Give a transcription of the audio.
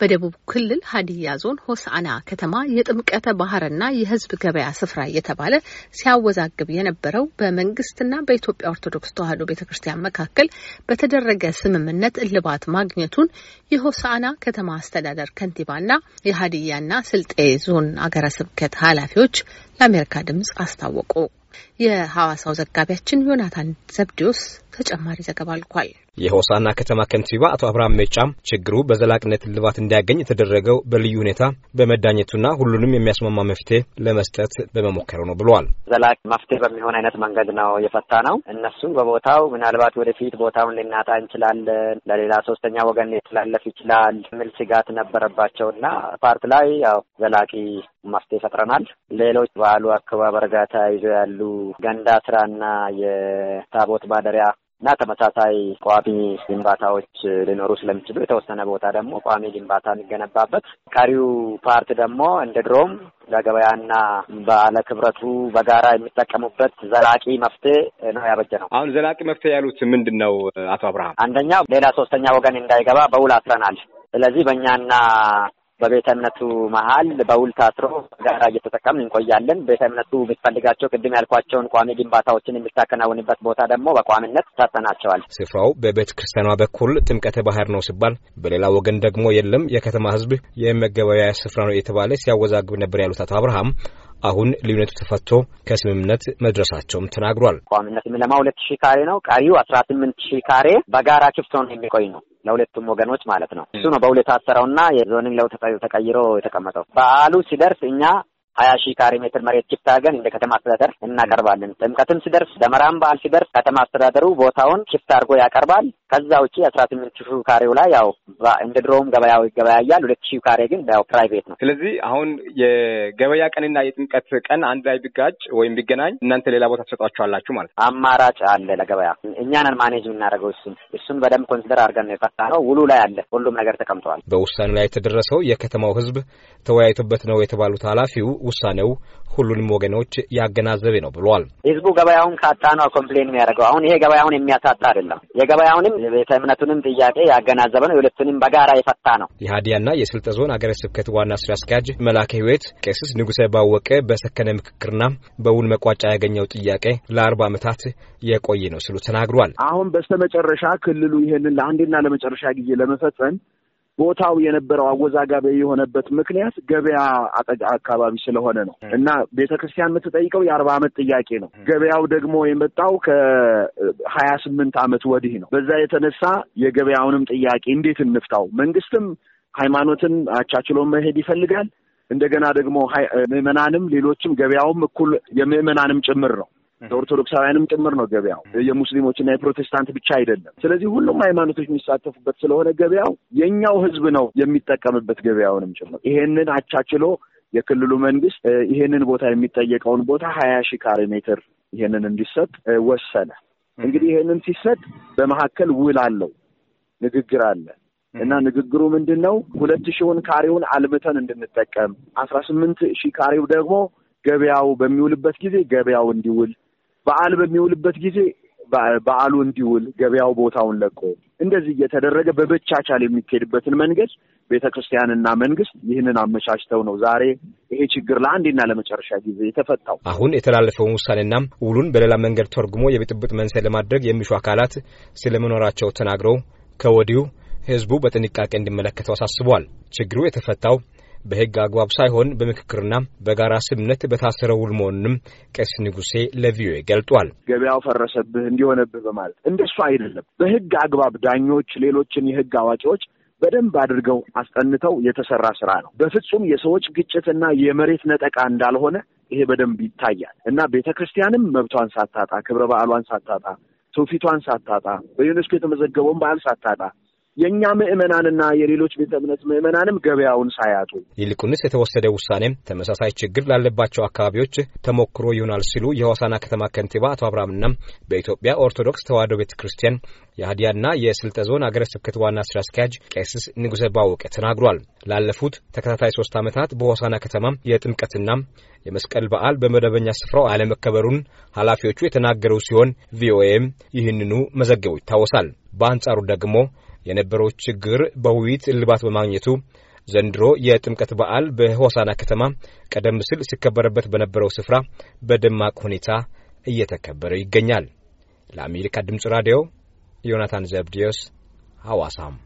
በደቡብ ክልል ሀዲያ ዞን ሆሳአና ከተማ የጥምቀተ ባህርና የሕዝብ ገበያ ስፍራ እየተባለ ሲያወዛግብ የነበረው በመንግስትና በኢትዮጵያ ኦርቶዶክስ ተዋሕዶ ቤተ ክርስቲያን መካከል በተደረገ ስምምነት እልባት ማግኘቱን የሆሳአና ከተማ አስተዳደር ከንቲባና የሀዲያና ስልጤ ዞን አገረ ስብከት ኃላፊዎች ለአሜሪካ ድምጽ አስታወቁ። የሐዋሳው ዘጋቢያችን ዮናታን ዘብዲዮስ ተጨማሪ ዘገባ አልኳል። የሆሳና ከተማ ከንቲባ አቶ አብርሃም ሜጫም ችግሩ በዘላቅነት እልባት እንዲያገኝ የተደረገው በልዩ ሁኔታ በመዳኘቱና ሁሉንም የሚያስማማ መፍትሄ ለመስጠት በመሞከሩ ነው ብለዋል። ዘላቅ መፍትሄ በሚሆን አይነት መንገድ ነው የፈታ ነው። እነሱ በቦታው ምናልባት ወደፊት ቦታውን ልናጣ እንችላለን፣ ለሌላ ሶስተኛ ወገን ሊተላለፍ ይችላል የሚል ስጋት ነበረባቸው እና ፓርት ላይ ያው ዘላቂ መፍትሄ ፈጥረናል። ሌሎች በዓሉ አከባበር ጋር ተያይዞ ያሉ ገንዳ ስራና የታቦት ማደሪያ እና ተመሳሳይ ቋሚ ግንባታዎች ሊኖሩ ስለሚችሉ የተወሰነ ቦታ ደግሞ ቋሚ ግንባታ የሚገነባበት ቀሪው ፓርት ደግሞ እንደ ድሮም ለገበያና ባለ ክብረቱ በጋራ የሚጠቀሙበት ዘላቂ መፍትሄ ነው ያበጀ ነው። አሁን ዘላቂ መፍትሄ ያሉት ምንድን ነው አቶ አብርሃም? አንደኛው ሌላ ሶስተኛ ወገን እንዳይገባ በውል አስረናል። ስለዚህ በእኛና በቤተ እምነቱ መሀል በውል ታስሮ ጋራ እየተጠቀምን እንቆያለን። ቤተ እምነቱ የሚፈልጋቸው ቅድም ያልኳቸውን ቋሚ ግንባታዎችን የሚታከናውንበት ቦታ ደግሞ በቋሚነት ሰርተናቸዋል። ስፍራው በቤተ ክርስቲያኗ በኩል ጥምቀተ ባህር ነው ሲባል፣ በሌላ ወገን ደግሞ የለም የከተማ ህዝብ የመገበያያ ስፍራ ነው የተባለ ሲያወዛግብ ነበር ያሉት አቶ አብርሃም አሁን ልዩነቱ ተፈቶ ከስምምነት መድረሳቸውም ተናግሯል። ቋሚነት የሚለማ ሁለት ሺህ ካሬ ነው። ቀሪው አስራ ስምንት ሺህ ካሬ በጋራ ክፍት ሆኖ የሚቆይ ነው ለሁለቱም ወገኖች ማለት ነው። እሱ ነው በሁለት አሰራውና የዞንን ለው ተቀይሮ የተቀመጠው። በዓሉ ሲደርስ እኛ ሀያ ሺህ ካሬ ሜትር መሬት ችፕታ እንደ ከተማ አስተዳደር እናቀርባለን። ጥምቀትም ሲደርስ ደመራም በዓል ሲደርስ ከተማ አስተዳደሩ ቦታውን ሽፍት አድርጎ ያቀርባል። ከዛ ውጭ አስራ ስምንት ሺህ ካሬው ላይ ያው እንደ ድሮውም ገበያው ይገበያያል። ሁለት ሺህ ካሬ ግን ያው ፕራይቬት ነው። ስለዚህ አሁን የገበያ ቀንና የጥምቀት ቀን አንድ ላይ ቢጋጭ ወይም ቢገናኝ እናንተ ሌላ ቦታ ትሰጧቸዋላችሁ ማለት ነው። አማራጭ አለ ለገበያ እኛንን ማኔጅ የምናደርገው እሱን እሱን በደንብ ኮንሲደር አድርገን ነው የፈታ ነው። ውሉ ላይ አለ ሁሉም ነገር ተቀምጠዋል። በውሳኔ ላይ የተደረሰው የከተማው ህዝብ ተወያይቶበት ነው የተባሉት ኃላፊው ውሳኔው ሁሉንም ወገኖች ያገናዘበ ነው ብሏል። ህዝቡ ገበያውን ካጣ ነው ኮምፕሌን የሚያደርገው። አሁን ይሄ ገበያውን የሚያሳጣ አይደለም። የገበያውንም ቤተ እምነቱንም ጥያቄ ያገናዘበ ነው። የሁለቱንም በጋራ የፈታ ነው። የሀዲያና የስልጠ ዞን አገረ ስብከት ዋና ስራ አስኪያጅ መላከ ህይወት ቄስስ ንጉሰ ባወቀ በሰከነ ምክክርና በውል መቋጫ ያገኘው ጥያቄ ለአርባ ዓመታት የቆየ ነው ስሉ ተናግሯል። አሁን በስተመጨረሻ ክልሉ ይህንን ለአንዴና ለመጨረሻ ጊዜ ለመፈጸም ቦታው የነበረው አወዛጋቢ የሆነበት ምክንያት ገበያ አጠጋ አካባቢ ስለሆነ ነው እና ቤተ ክርስቲያን የምትጠይቀው የአርባ ዓመት ጥያቄ ነው። ገበያው ደግሞ የመጣው ከሀያ ስምንት ዓመት ወዲህ ነው። በዛ የተነሳ የገበያውንም ጥያቄ እንዴት እንፍታው? መንግስትም ሃይማኖትን አቻችሎ መሄድ ይፈልጋል። እንደገና ደግሞ ምዕመናንም ሌሎችም ገበያውም እኩል የምዕመናንም ጭምር ነው ለኦርቶዶክሳውያንም ጭምር ነው ገበያው። የሙስሊሞችና የፕሮቴስታንት ብቻ አይደለም። ስለዚህ ሁሉም ሃይማኖቶች የሚሳተፉበት ስለሆነ ገበያው የእኛው ህዝብ ነው የሚጠቀምበት ገበያውንም ጭምር ይሄንን አቻችሎ የክልሉ መንግስት ይሄንን ቦታ የሚጠየቀውን ቦታ ሀያ ሺህ ካሬ ሜትር ይሄንን እንዲሰጥ ወሰነ። እንግዲህ ይሄንን ሲሰጥ በመካከል ውል አለው፣ ንግግር አለ እና ንግግሩ ምንድን ነው? ሁለት ሺውን ካሬውን አልምተን እንድንጠቀም አስራ ስምንት ሺህ ካሬው ደግሞ ገበያው በሚውልበት ጊዜ ገበያው እንዲውል በዓል በሚውልበት ጊዜ በዓሉ እንዲውል ገበያው ቦታውን ለቆ እንደዚህ እየተደረገ በመቻቻል የሚካሄድበትን መንገድ ቤተ ክርስቲያንና መንግስት ይህንን አመቻችተው ነው ዛሬ ይሄ ችግር ለአንዴና ለመጨረሻ ጊዜ የተፈታው። አሁን የተላለፈውን ውሳኔና ውሉን በሌላ መንገድ ተርጉሞ የብጥብጥ መንስኤ ለማድረግ የሚሹ አካላት ስለመኖራቸው ተናግረው ከወዲሁ ህዝቡ በጥንቃቄ እንዲመለከተው አሳስቧል። ችግሩ የተፈታው በሕግ አግባብ ሳይሆን በምክክርና በጋራ ስምነት በታሰረ ውል መሆኑንም ቄስ ንጉሴ ለቪኦኤ ገልጧል። ገበያው ፈረሰብህ እንዲሆነብህ በማለት እንደሱ አይደለም። በሕግ አግባብ ዳኞች፣ ሌሎችን የሕግ አዋቂዎች በደንብ አድርገው አስጠንተው የተሰራ ስራ ነው። በፍጹም የሰዎች ግጭትና የመሬት ነጠቃ እንዳልሆነ ይሄ በደንብ ይታያል እና ቤተ ክርስቲያንም መብቷን ሳታጣ፣ ክብረ በዓሏን ሳታጣ፣ ትውፊቷን ሳታጣ፣ በዩኔስኮ የተመዘገበውን በዓል ሳታጣ የእኛ ምዕመናንና የሌሎች ቤተ እምነት ምዕመናንም ገበያውን ሳያጡ ይልቁንስ የተወሰደ ውሳኔ ተመሳሳይ ችግር ላለባቸው አካባቢዎች ተሞክሮ ይሆናል ሲሉ የሆሳና ከተማ ከንቲባ አቶ አብርሃምና በኢትዮጵያ ኦርቶዶክስ ተዋሕዶ ቤተ ክርስቲያን የሀዲያና የስልጠ ዞን አገረ ስብከት ዋና ስራ አስኪያጅ ቄስስ ንጉሰ ባወቀ ተናግሯል። ላለፉት ተከታታይ ሶስት ዓመታት በሆሳና ከተማ የጥምቀትና የመስቀል በዓል በመደበኛ ስፍራው አለመከበሩን ኃላፊዎቹ የተናገሩ ሲሆን ቪኦኤም ይህንኑ መዘገቡ ይታወሳል። በአንጻሩ ደግሞ የነበረው ችግር በውይይት እልባት በማግኘቱ ዘንድሮ የጥምቀት በዓል በሆሳና ከተማ ቀደም ሲል ሲከበረበት በነበረው ስፍራ በደማቅ ሁኔታ እየተከበረ ይገኛል። ለአሜሪካ ድምፅ ራዲዮ ዮናታን ዘብዲዮስ ሐዋሳም